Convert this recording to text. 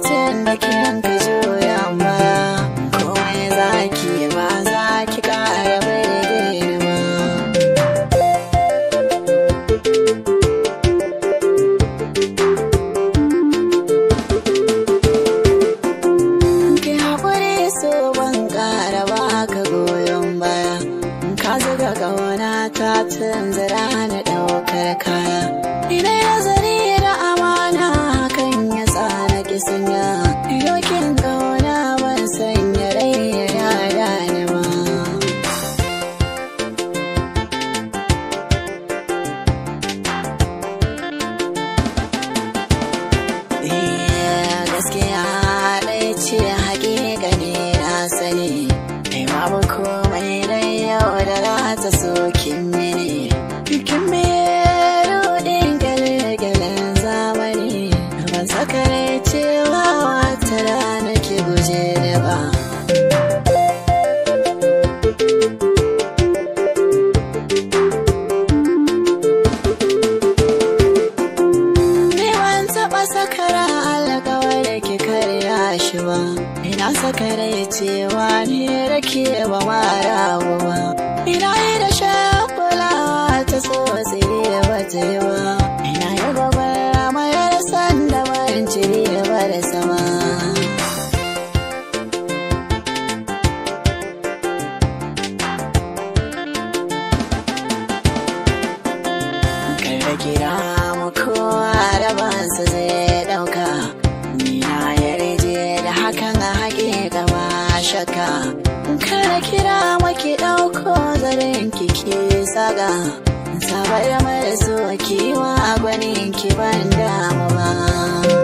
lokacin da kiran ka juya ma komai za ki ba za ki kara mai girma. Ki haƙuri so ban ƙara baka goyon baya, ka zuga ƙauna ta tunzura na ɗaukar kaya. Yokin kauna ban sanya rai ya yada ni ba. Eh, gaskiya ɗaya ce ne na sani, kai babu komai dai yau da rata sokin mini. Kin biye rudin galgalen zamani, ban sakarai cewa shi ina saka rai cewa ne rake wa warawa ba ina yi da kulawa, ta so tsire ba ta yi ina yi babar ramayar sanda ban cire ba da sama da mu kowa daka kada kira maki ɗauko zarin ke saga sabar mai so kiwa gwanin ki ban damu